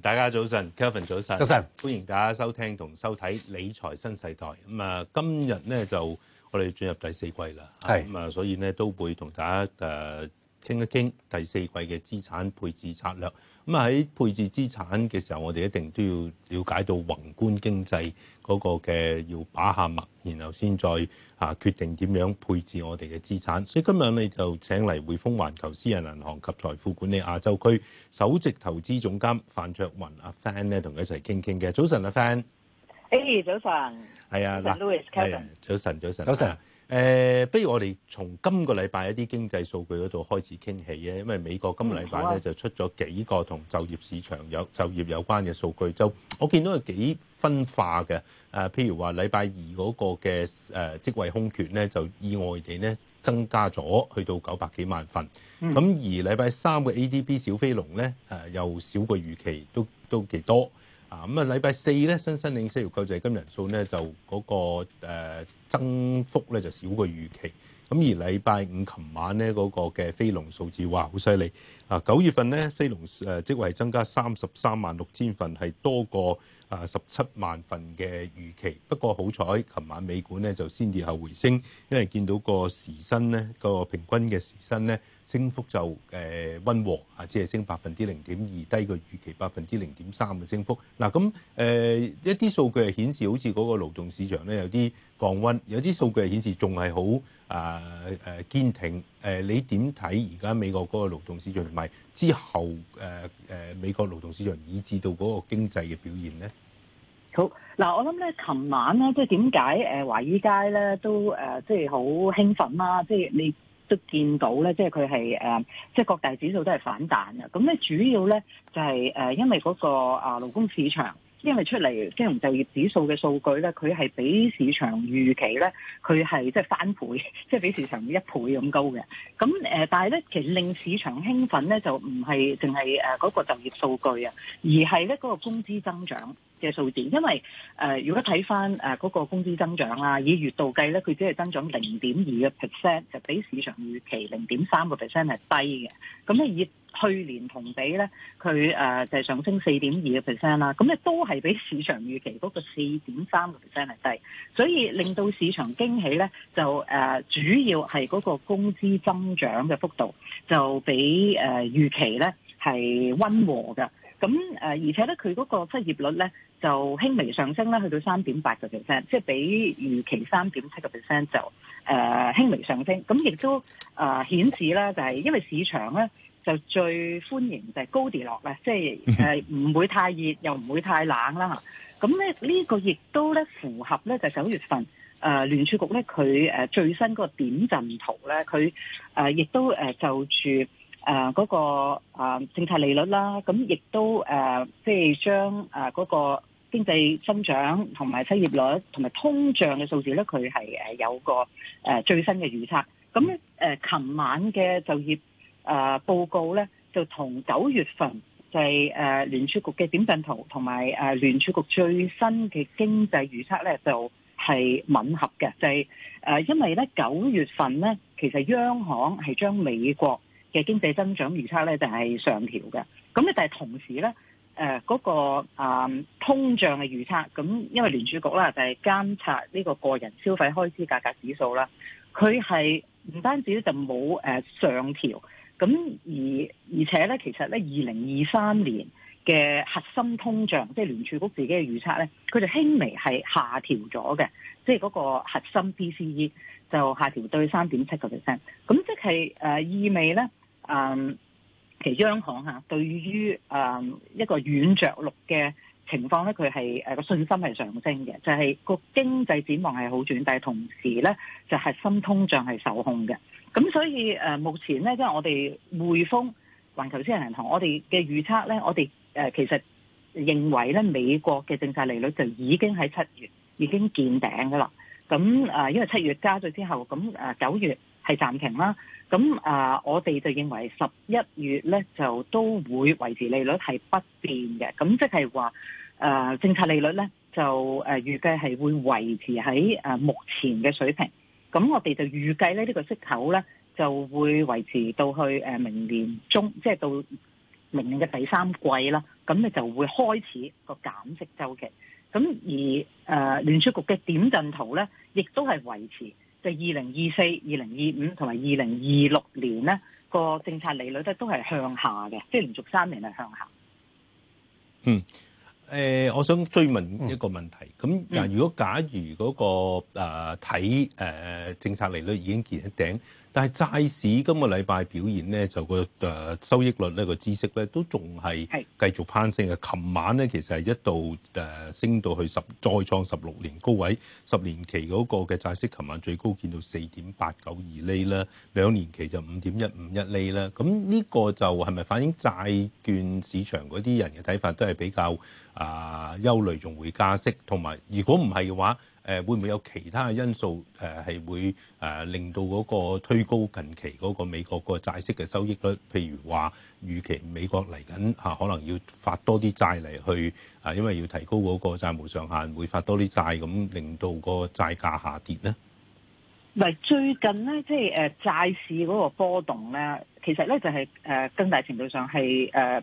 大家早晨，Kevin 早晨，早晨，歡迎大家收聽同收睇《理財新世代》。咁啊，今日咧就我哋進入第四季啦。咁係啊，所以咧都會同大家誒傾一傾第四季嘅資產配置策略。咁啊喺配置資產嘅時候，我哋一定都要了解到宏觀經濟嗰個嘅，要把下脈，然後先再啊決定點樣配置我哋嘅資產。所以今日呢就請嚟匯豐環球私人銀行及財富管理亞洲區首席投資總監范卓雲阿 Fan 咧，同佢一齊傾傾嘅。早晨阿 Fan 誒、hey，早晨。係啊，Louis，Ken。早晨，早晨，早晨。誒、呃，不如我哋從今個禮拜一啲經濟數據嗰度開始傾起啊，因為美國今個禮拜咧就出咗幾個同就業市場有就業有關嘅數據，就我見到係幾分化嘅。誒、啊，譬如話禮拜二嗰個嘅誒職位空缺咧，就意外地咧增加咗去到九百幾萬份。咁、嗯、而禮拜三嘅 ADP 小非農咧，誒、啊、又少過預期，都都幾多。啊，咁啊，禮拜四咧新申領失業救濟金人數咧就嗰、嗰個、呃、增幅咧就少過預期，咁而禮拜五琴晚咧嗰、嗰個嘅非農數字，哇好犀利，啊九月份咧非農誒即係增加三十三萬六千份，係多過啊十七萬份嘅預期。不過好彩琴晚美股咧就先跌後回升，因為見到個時薪咧、嗰個平均嘅時薪咧。升幅就誒溫和啊，只係升百分之零點二，低過預期百分之零點三嘅升幅。嗱咁誒一啲數據係顯示，好似嗰個勞動市場咧有啲降溫，有啲數據係顯示仲係好啊誒堅挺。誒、呃、你點睇而家美國嗰個勞動市場，同埋之後誒誒、呃、美國勞動市場以至到嗰個經濟嘅表現咧？好嗱、呃，我諗咧，琴晚咧，即係點解誒華爾街咧都誒即係好興奮啦、啊？即、就、係、是、你。都見到咧，即係佢係誒，即係各大指數都係反彈啊！咁咧主要咧就係、是、誒、呃，因為嗰個啊勞工市場，因為出嚟金融就業指數嘅數據咧，佢係比市場預期咧，佢係即係翻倍，即係比市場一倍咁高嘅。咁誒、呃，但係咧其實令市場興奮咧，就唔係淨係誒嗰個就業數據啊，而係咧嗰個工資增長。嘅數字，因為誒、呃，如果睇返誒嗰個工資增長啦、啊，以月度計咧，佢只係增長零點二嘅 percent，就比市場預期零點三個 percent 係低嘅。咁咧以去年同比咧，佢誒、呃、就係、是、上升四點二嘅 percent 啦。咁、啊、咧都係比市場預期嗰個四點三個 percent 係低，所以令到市場驚喜咧，就誒、呃、主要係嗰個工資增長嘅幅度就比誒、呃、預期咧係溫和嘅。咁誒，而且咧，佢嗰個失業率咧就輕微上升咧，去到三點八個 percent，即係比預期三點七個 percent 就誒、呃、輕微上升。咁亦都誒、呃、顯示咧，就係、是、因為市場咧就最歡迎就係高跌落啦，即係誒唔會太熱又唔會太冷啦。咁咧呢個亦都咧符合咧就係、是、九月份誒、呃、聯儲局咧佢誒最新嗰個點陣圖咧，佢誒亦都誒就住。誒嗰個誒政策利率啦，咁亦都誒即係將誒嗰個經濟增長同埋失業率同埋通脹嘅數字咧，佢係誒有個誒最新嘅預測。咁誒琴晚嘅就業誒報告咧，就同九月份就係誒聯儲局嘅點陣圖同埋誒聯儲局最新嘅經濟預測咧，就係吻合嘅。就係誒，因為咧九月份咧，其實央行係將美國。嘅經濟增長預測咧就係上調嘅，咁咧但係同時咧，誒嗰個通脹嘅預測，咁因為聯儲局咧就係監察呢個個人消費開支價格指數啦，佢係唔單止咧就冇誒上調，咁而而且咧其實咧二零二三年嘅核心通脹，即係聯儲局自己嘅預測咧，佢就輕微係下調咗嘅，即係嗰個核心 PCE 就下調到三點七個 percent，咁即係誒意味咧。嗯，其實央行吓、啊，對於誒、嗯、一個軟着陸嘅情況咧，佢係誒個信心係上升嘅，就係、是、個經濟展望係好轉，但係同時咧就核、是、心通脹係受控嘅。咁所以誒、啊，目前咧即係我哋匯豐環球私人銀行，我哋嘅預測咧，我哋誒其實認為咧，美國嘅政策利率就已經喺七月已經見頂㗎喇。咁誒、啊，因為七月加咗之後，咁誒九月係暫停啦。咁啊，我哋就認為十一月咧就都會維持利率係不變嘅，咁即係話誒政策利率咧就誒預計係會維持喺誒目前嘅水平。咁我哋就預計咧呢個息口咧就會維持到去誒明年中，即係到明年嘅第三季啦。咁你就會開始個減息周期。咁而誒、呃、聯儲局嘅點陣圖咧，亦都係維持。就二零二四、二零二五同埋二零二六年咧，個政策利率咧都係向下嘅，即、就、係、是、連續三年係向下。嗯，誒、呃，我想追問一個問題，咁嗱，如果假如嗰、那個誒睇誒政策利率已經見一頂。但係債市今個禮拜表現咧，就個誒收益率呢、個孳息咧都仲係繼續攀升嘅。琴晚咧其實係一度誒升到去十再創十六年高位，十年期嗰個嘅債息琴晚最高見到四點八九二厘啦，兩年期就五點一五一厘啦。咁呢個就係咪反映債券市場嗰啲人嘅睇法都係比較啊、呃、憂慮，仲會加息，同埋如果唔係嘅話？誒會唔會有其他嘅因素誒係會誒令到嗰個推高近期嗰個美國個債息嘅收益率？譬如話預期美國嚟緊嚇可能要發多啲債嚟去啊，因為要提高嗰個債務上限，會發多啲債咁，令到個債價下跌咧？唔係最近咧，即係誒債市嗰個波動咧，其實咧就係誒更大程度上係誒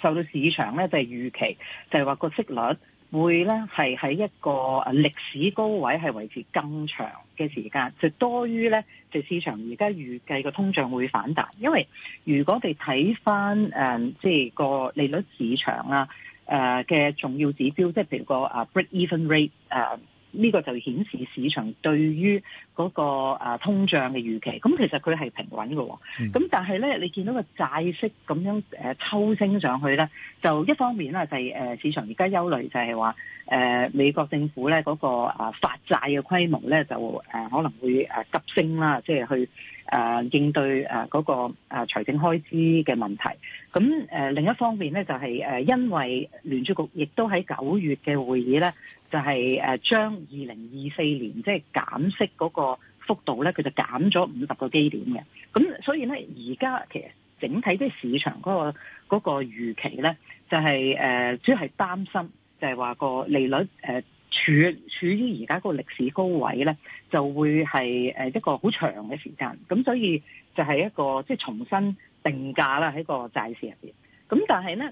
受到市場咧就係預期，就係話個息率。會咧係喺一個歷史高位係維持更長嘅時間，就多於咧，就市場而家預計嘅通脹會反彈，因為如果我哋睇翻誒，即係個利率市場啊，誒、呃、嘅重要指標，即係譬如個啊 break even rate、呃。呢個就顯示市場對於嗰個通脹嘅預期，咁其實佢係平穩嘅。咁但係咧，你見到個債息咁樣誒抽升上去咧，就一方面咧就係誒市場而家憂慮就係話誒美國政府咧嗰個誒發債嘅規模咧就誒可能會誒急升啦，即係去，誒、啊、應對誒嗰、啊那個誒、啊、財政開支嘅問題，咁誒、啊、另一方面咧就係、是、誒、啊、因為聯儲局亦都喺九月嘅會議咧，就係、是、誒、啊、將二零二四年即係、就是、減息嗰個幅度咧，佢就減咗五十個基點嘅。咁所以咧而家其實整體啲市場嗰、那個嗰、那個、預期咧，就係、是、誒、啊、主要係擔心就係話個利率誒，啊處處於而家嗰個歷史高位咧，就會係一個好長嘅時間，咁所以就係一個即係重新定價啦喺個債市入面，咁但係咧，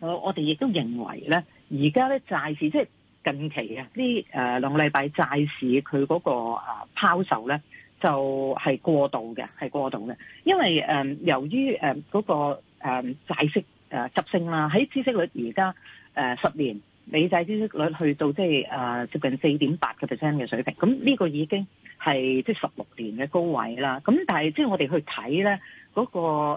我哋亦都認為咧，而家咧債市即係近期啊呢誒兩個禮拜債市佢嗰個啊拋售咧，就係過度嘅，係過度嘅，因為、呃、由於誒嗰、呃嗰個誒、呃、債息誒急升啦，喺孳息率而家、呃、十年。美債孳息率去到即係誒接近四點八嘅 percent 嘅水平，咁呢個已經係即係十六年嘅高位啦。咁但係即係我哋去睇咧，嗰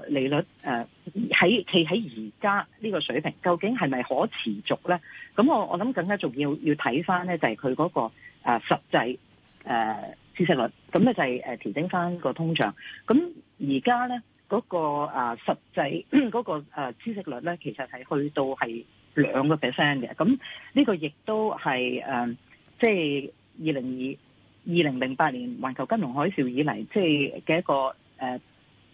個利率誒喺企喺而家呢個水平，究竟係咪可持續咧？咁我我諗更加重要要睇翻咧，就係佢嗰個誒、啊、實際、啊、孳息率。咁咧就係誒調整翻個通脹。咁而家咧嗰個誒、啊、實際嗰個誒、啊、孳息率咧，其實係去到係。兩個 percent 嘅，咁呢個亦都係誒，即係二零二二零零八年環球金融海嘯以嚟，即係嘅一個誒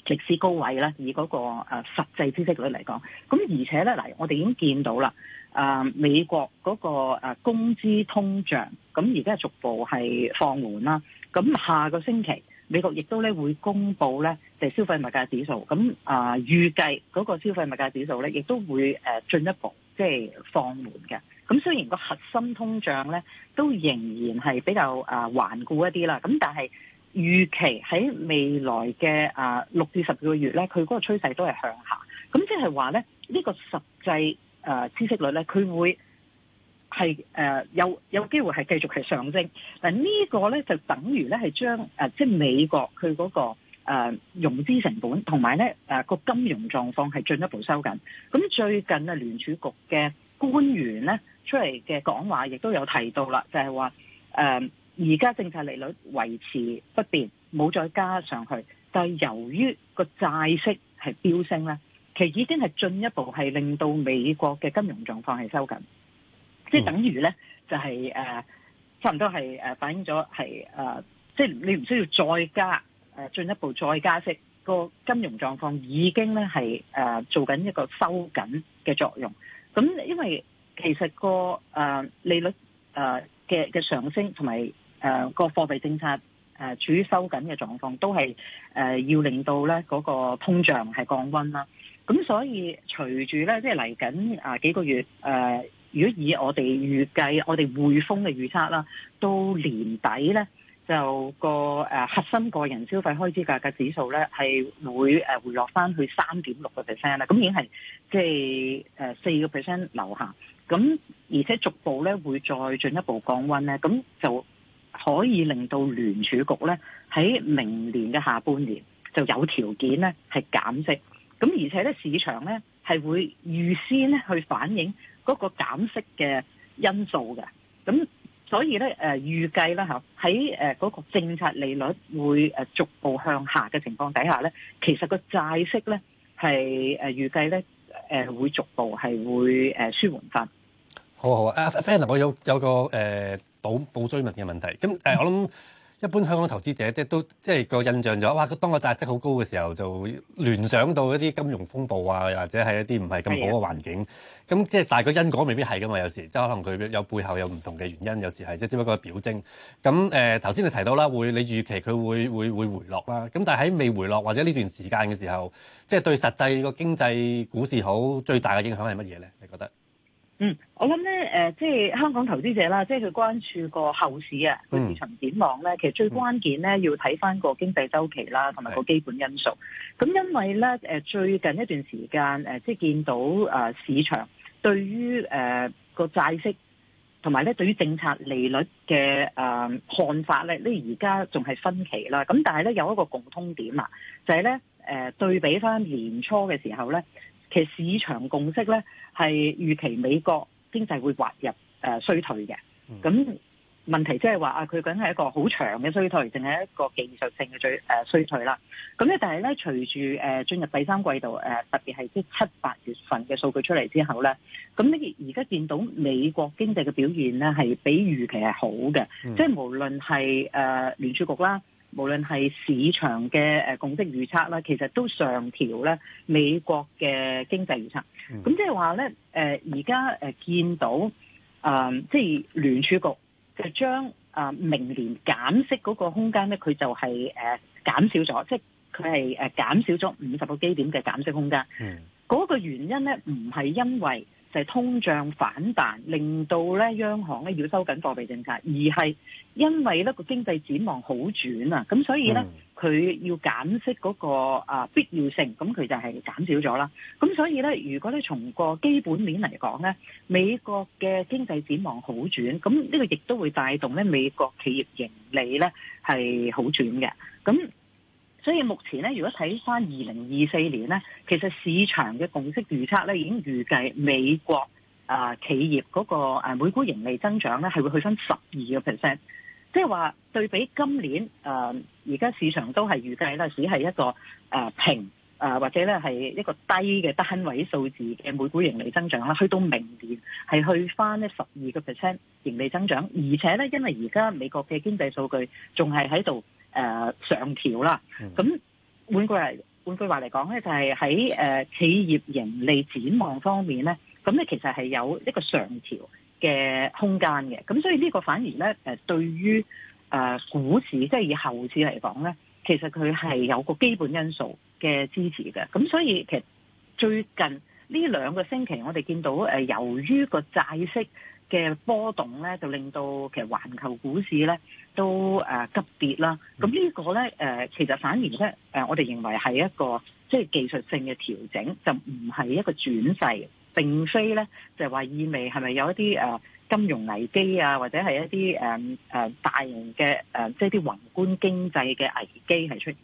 歷史高位啦。以嗰個誒實際孳息率嚟講，咁而且咧，嗱我哋已經見到啦，誒美國嗰個誒工資通脹，咁而家逐步係放緩啦。咁下個星期美國亦都咧會公布咧就係消費物價指數，咁啊預計嗰個消費物價指數咧亦都會誒進一步。即係放緩嘅，咁雖然個核心通脹咧都仍然係比較啊頑、呃、固一啲啦，咁但係預期喺未來嘅啊六至十二個月咧，佢嗰個趨勢都係向下，咁即係話咧呢、呢個實際啊、呃、孳息率咧，佢會係、呃、有有機會係繼續係上升，嗱呢個咧就等於咧係將即、呃即係、美國佢嗰、嗰個。誒、呃、融資成本同埋咧誒個金融狀況係進一步收緊。咁最近啊聯儲局嘅官員咧出嚟嘅講話，亦都有提到啦，就係話誒而家政策利率維持不變，冇再加上去。但係由於個債息係飆升咧，其實已經係進一步係令到美國嘅金融狀況係收緊，即、就、係、係、等於咧就係、係、誒、呃、差唔多係反映咗係誒，即、呃、係、就係、你唔需要再加。誒進一步再加息，個金融狀況已經咧係誒做緊一個收緊嘅作用。咁因為其實個誒利率誒嘅嘅上升，同埋誒個貨幣政策誒處於收緊嘅狀況，都係誒要令到咧嗰個通脹係降溫啦。咁所以隨住咧即係嚟緊啊幾個月誒，如果以我哋預計，我哋匯豐嘅預測啦，到年底咧。就個誒核心個人消費開支價格指數咧，係會誒回落翻去三點六個 percent 啦，咁已經係即係誒四個 percent 樓下，咁而且逐步咧會再進一步降温咧，咁就可以令到聯儲局咧喺明年嘅下半年就有條件咧係減息，咁而且咧市場咧係會預先咧去反映嗰個減息嘅因素嘅，咁。所以咧，誒預計咧，嚇喺誒嗰個政策利率會誒逐步向下嘅情況底下咧，其實個債息咧係誒預計咧誒會逐步係會誒舒緩翻。好好啊，阿 Fan，我有有個誒補補追問嘅問題，咁誒我諗。一般香港投資者即係都即係個印象就是，哇當個債息好高嘅時候就聯想到一啲金融風暴啊，或者係一啲唔係咁好嘅環境。咁即係大概因果未必係㗎嘛，有時即係可能佢有背後有唔同嘅原因，有時係即只不過係表徵。咁誒頭先你提到啦，會你預期佢會會會回落啦。咁但係喺未回落或者呢段時間嘅時候，即係對實際個經濟股市好最大嘅影響係乜嘢咧？你覺得？嗯，我諗咧，誒、呃，即係香港投資者啦，即係佢關注個後市啊，佢、嗯、市場展望咧，其實最關鍵咧，要睇翻個經濟週期啦，同埋個基本因素。咁的因為咧，誒，最近一段時間，誒、呃，即係見到誒、呃、市場對於誒、呃、個債息同埋咧，對於政策利率嘅，誒、呃、看法咧，呢而家仲係分歧啦。咁但係咧，有一個共通點啦，就係、是、咧，誒、呃，對比翻年初嘅時候咧。其實市場共識咧係預期美國經濟會滑入誒衰退嘅，咁問題即係話啊，佢梗係一個好長嘅衰退，定係一個技術性嘅最誒衰退啦？咁咧，但係咧，隨住誒進入第三季度誒，特別係即係七八月份嘅數據出嚟之後咧，咁你而家見到美國經濟嘅表現咧係比預期係好嘅，嗯、即係無論係誒聯儲局啦。無論係市場嘅誒共識預測啦，其實都上調咧美國嘅經濟預測。咁即係話咧，誒而家見到啊，即、呃、係、就係、聯儲局就將啊明年減息嗰個空間咧，佢就係、係、誒、呃、減少咗，即係佢係減少咗五十個基點嘅減息空間。嗯，嗰個原因咧，唔係因為。就係通脹反彈，令到咧央行咧要收緊貨幣政策，而係因為咧個經濟展望好轉啊，咁所以咧佢要減息嗰個啊必要性，咁佢就係減少咗啦。咁所以咧，如果咧從個基本面嚟講咧，美國嘅經濟展望好轉，咁呢個亦都會帶動咧美國企業盈利咧係好轉嘅，咁。所以目前咧，如果睇翻二零二四年咧，其實市場嘅共識預測咧，已經預計美國啊、呃、企業嗰、那個、呃、每股盈利增長咧，係會去翻十二個 percent。即係話對比今年誒，而、呃、家市場都係預計咧，只係一個誒、呃、平誒、呃、或者咧係一個低嘅單位數字嘅每股盈利增長啦。去到明年係去翻呢十二個 percent 盈利增長，而且咧因為而家美國嘅經濟數據仲係喺度。誒、呃、上調啦，咁換句嚟換句話嚟講，咧，就係喺誒企業盈利展望方面咧，咁咧其實係有一個上調嘅空間嘅，咁所以呢個反而咧誒、呃、對於、呃、股市即係以後市嚟講咧，其實佢係有個基本因素嘅支持嘅，咁所以其實最近呢兩個星期我哋見到、呃、由於個債息。嘅波動咧，就令到其實環球股市咧都誒、啊、急跌啦。咁呢個咧誒，其實反而咧誒、呃，我哋認為係一個即係、就是、技術性嘅調整，就唔係一個轉勢，並非咧就話、是、意味係咪有一啲誒、啊、金融危機啊，或者係一啲誒誒大型嘅誒即係啲宏觀經濟嘅危機係出現。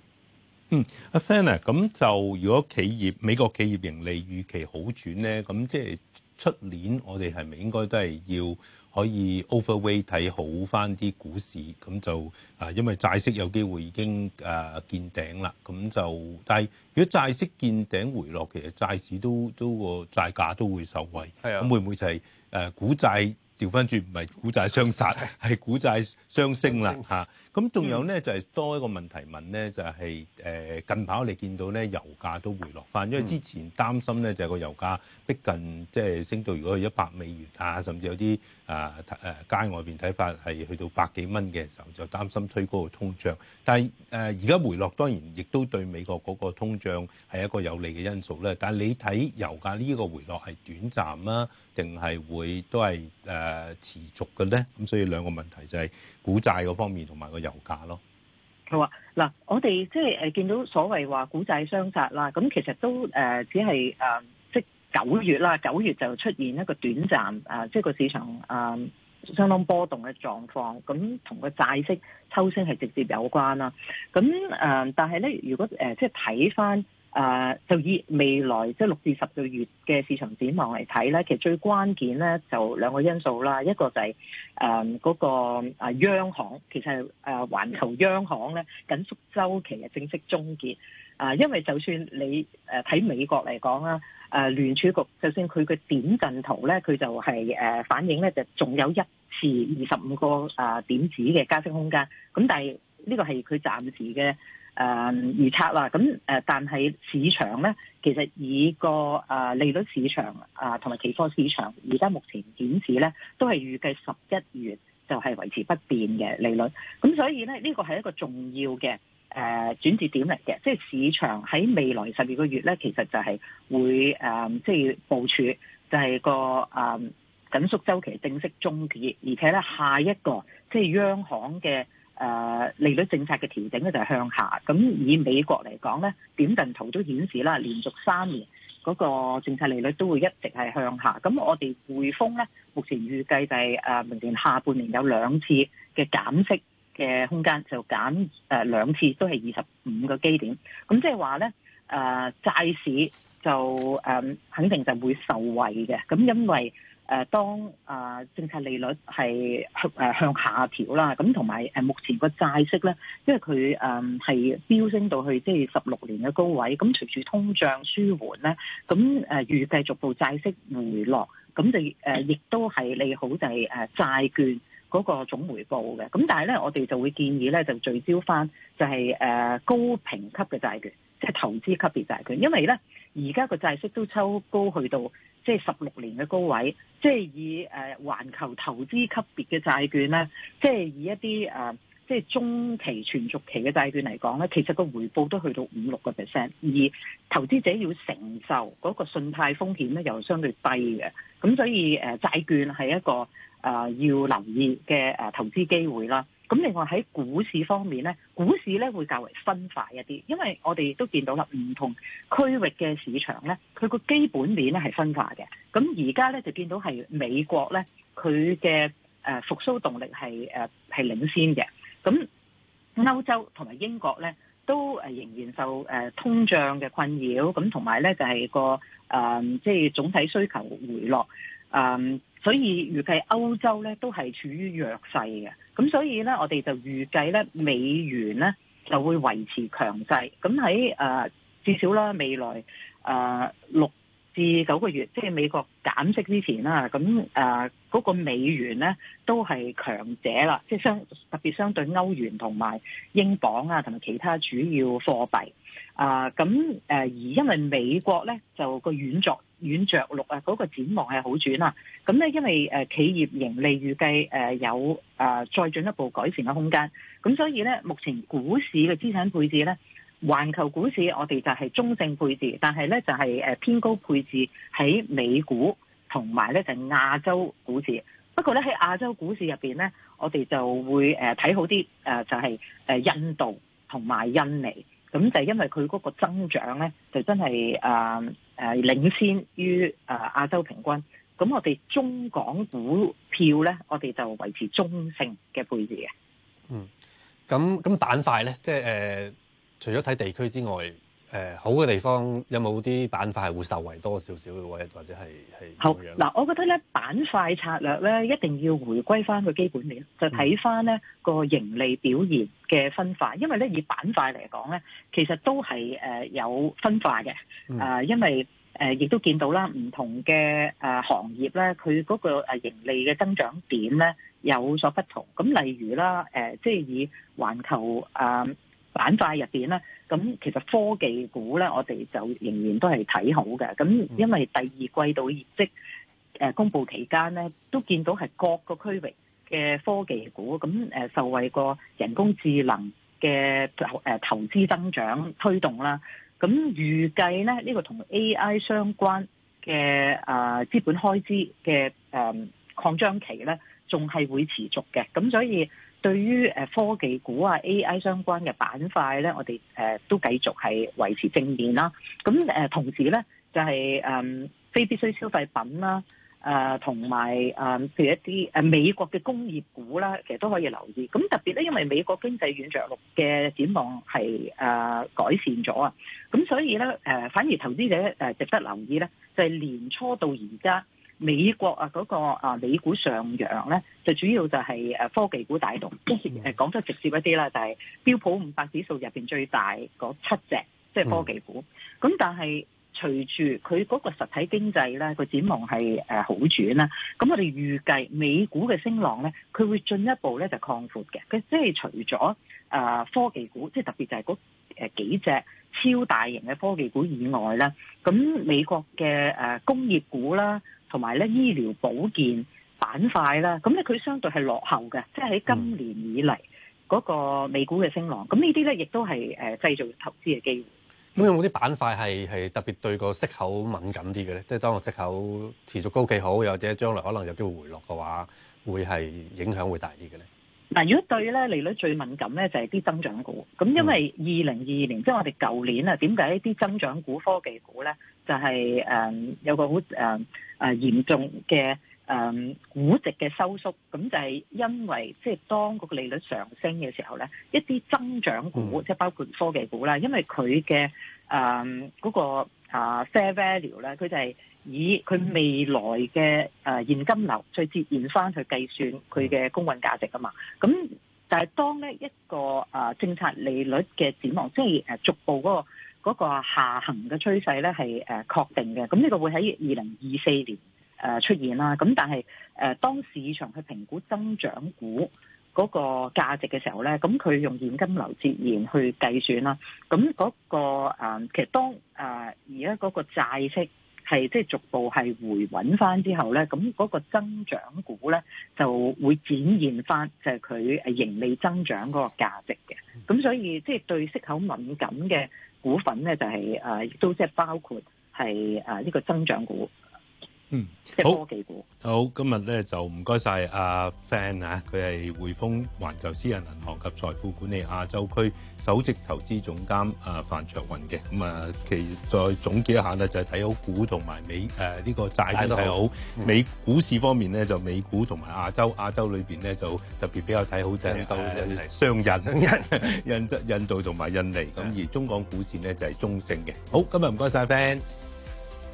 嗯，阿 Fanny，咁就如果企業美國企業盈利預期好轉咧，咁即係。出年我哋係咪應該都係要可以 overweight 睇好翻啲股市？咁就啊，因為債息有機會已經啊見頂啦。咁就，但係如果債息見頂回落，其實債市都都個債價都會受惠。係啊，會唔會就係誒股債調翻轉，唔係股債雙殺，係股債雙升啦？嚇！咁仲、嗯、有咧就係多一個問題問咧，就係誒近排我哋見到咧油價都回落翻，因為之前擔心咧就係個油價逼近即係升到如果係一百美元啊，甚至有啲啊誒街外邊睇法係去到百幾蚊嘅時候，就擔心推高個通脹。但係誒而家回落當然亦都對美國嗰個通脹係一個有利嘅因素咧。但係你睇油價呢個回落係短暫啊，定係會都係誒持續嘅咧？咁所以兩個問題就係股債嗰方面同埋個。油價咯，佢話嗱，我哋即係誒見到所謂話股債相殺啦，咁其實都誒、呃、只係誒、呃、即九月啦，九月就出現一個短暫誒、呃，即個市場誒、呃、相當波動嘅狀況，咁同個債息抽升係直接有關啦。咁誒、呃，但係咧，如果誒、呃、即係睇翻。啊、呃，就以未來即係六至十個月嘅市場展望嚟睇咧，其實最關鍵咧就兩個因素啦，一個就係誒嗰個央行，其實係誒環球央行咧緊縮周期嘅正式終結啊、呃，因為就算你誒睇美國嚟講啦，呃、聯儲局就算佢嘅點陣圖咧，佢就係、係呃、反映咧就仲有一次二十五個、呃、點子嘅加息空間，咁但係。呢個係佢暫時嘅誒預測啦，咁誒但係市場咧，其實以個誒利率市場啊同埋期貨市場而家目前顯示咧，都係預計十一月就係維持不變嘅利率。咁所以咧，呢、這個係一個重要嘅誒轉折點嚟嘅，即係市場喺未來十二個月咧，其實就係會誒即係部署就是，就係個誒緊縮週期正式終結，而且咧下一個即係央行嘅。誒利率政策嘅調整咧就係向下，咁以美國嚟講咧，點陣圖都顯示啦，連續三年嗰個政策利率都會一直係向下。咁我哋匯豐咧，目前預計就係誒明年下半年有兩次嘅減息嘅空間，就減誒、呃、兩次都係二十五個基點。咁即係話咧，誒、呃、債市就誒、呃、肯定就會受惠嘅。咁因為誒當啊政策利率係向誒向下調啦，咁同埋誒目前個債息咧，因為佢誒係飆升到去即係十六年嘅高位，咁隨住通脹舒緩咧，咁誒預計逐步債息回落，咁就誒亦都係利好就係誒債券嗰個總回報嘅。咁但係咧，我哋就會建議咧就聚焦翻就係誒高評級嘅債券，即係投資級別債券，因為咧，而家個債息都抽高去到即係十六年嘅高位，即係以誒環球投資級別嘅債券咧，即係以一啲誒即係中期、存續期嘅債券嚟講咧，其實個回報都去到五、六個 percent，而投資者要承受嗰個信貸風險咧又相對低嘅，咁所以誒債券係一個誒要留意嘅誒投資機會啦。咁另外喺股市方面咧，股市咧會較為分化一啲，因為我哋都見到啦，唔同區域嘅市場咧，佢個基本面咧係分化嘅。咁而家咧就見到係美國咧，佢嘅誒復甦動力係誒係領先嘅。咁歐洲同埋英國咧都誒仍然受誒、呃、通脹嘅困擾，咁同埋咧就係、是、個誒即係總體需求回落。誒、呃、所以預計歐洲咧都係處於弱勢嘅。咁所以咧，我哋就預計咧，美元咧就會維持強勢。咁喺誒，至少啦，未來誒六、呃、至九個月，即係美國減息之前啦，咁誒嗰個美元咧都係強者啦，即係相特別相對歐元同埋英鎊啊，同埋其他主要貨幣啊，咁、呃呃、而因為美國咧就個軟作。軟着陸啊！嗰個展望係好轉啦，咁咧因為誒企業盈利預計誒有誒再進一步改善嘅空間，咁所以咧目前股市嘅資產配置咧，環球股市我哋就係中性配置，但係咧就係誒偏高配置喺美股，同埋咧就係亞洲股市。不過咧喺亞洲股市入邊咧，我哋就會誒睇好啲誒就係誒印度同埋印尼，咁就係因為佢嗰個增長咧就真係誒。誒，領先於誒亞洲平均，咁我哋中港股票咧，我哋就維持中性嘅配置嘅。嗯，咁咁板塊咧，即係誒、呃，除咗睇地區之外。誒、呃、好嘅地方有冇啲板塊係會受惠多少少嘅，或或者係係點樣？好嗱，我覺得咧，板塊策略咧一定要回歸翻個基本面，嗯、就睇翻咧個盈利表現嘅分化，因為咧以板塊嚟講咧，其實都係誒、呃、有分化嘅。誒、嗯呃，因為誒亦、呃、都見到啦，唔同嘅誒、呃、行業咧，佢嗰個盈利嘅增長點咧有所不同。咁例如啦，誒、呃、即係以環球誒。呃板塊入邊咧，咁其實科技股咧，我哋就仍然都係睇好嘅。咁因為第二季度業績誒公佈期間咧，都見到係各個區域嘅科技股，咁誒受惠過人工智能嘅誒投資增長推動啦。咁預計咧呢個同 AI 相關嘅啊資本開支嘅誒擴張期咧，仲係會持續嘅。咁所以。對於科技股啊、AI 相關嘅板塊咧，我哋都繼續係維持正面啦。咁同時咧，就係誒非必需消費品啦，誒同埋誒譬如一啲美國嘅工業股啦，其實都可以留意。咁特別咧，因為美國經濟軟著陸嘅展望係誒改善咗啊，咁所以咧反而投資者值得留意咧，就係年初到而家。美國、那個、啊嗰個啊美股上揚咧，就主要就係誒科技股帶動， 即係誒講得直接一啲啦，但係標普五百指數入邊最大嗰七隻即係、就是、科技股。咁 但係隨住佢嗰個實體經濟咧個展望係誒好轉啦，咁我哋預計美股嘅升浪咧，佢會進一步咧就擴闊嘅。佢即係除咗誒、呃、科技股，即係特別就係嗰誒幾隻超大型嘅科技股以外咧，咁美國嘅誒、呃、工業股啦。同埋咧醫療保健板塊啦，咁咧佢相對係落後嘅，即係喺今年以嚟嗰個美股嘅升浪，咁呢啲咧亦都係誒製造投資嘅機會。咁有冇啲板塊係係特別對個息口敏感啲嘅咧？即係當個息口持續高企好，又或者將來可能有機會回落嘅話，會係影響會大啲嘅咧？嗱，如果對咧利率最敏感咧，就係啲增長股。咁因為二零二二年，即係我哋舊年啊，點解呢啲增長股科技股咧就係誒有個好誒？啊！嚴重嘅誒估值嘅收縮，咁就係因為即係、就是、當個利率上升嘅時候咧，一啲增長股，即係包括科技股啦，因為佢嘅誒嗰個啊 fair value 咧，佢就係以佢未來嘅誒現金流再折現翻去計算佢嘅公允價值啊嘛。咁但係當咧一個誒政策利率嘅展望，即係誒逐步嗰、那個。嗰個下行嘅趨勢咧係誒確定嘅，咁呢個會喺二零二四年誒出現啦。咁但係誒當市場去評估增長股嗰個價值嘅時候咧，咁佢用現金流折現去計算啦。咁嗰個誒其實當誒而家嗰個債息係即係逐步係回穩翻之後咧，咁嗰個增長股咧就會展現翻就係佢盈利增長嗰個價值嘅。咁所以即係對息口敏感嘅。股份咧就係誒，亦都即係包括係誒呢個增長股。嗯，好，好。好，今日咧就唔該晒阿 Fan 啊，佢係匯豐環球私人銀行及財富管理亞洲區首席投資總監啊范卓雲嘅。咁、嗯、啊，其實再總結一下咧，就係、是、睇好股同埋美誒呢、啊這個債都睇好。好美股市方面咧，就美股同埋亞洲亞洲裏邊咧，就特別比較睇好。睇到印度、雙印、啊、印印印度同埋印尼。咁而中港股市咧就係、是、中性嘅。好，今日唔該曬 Fan。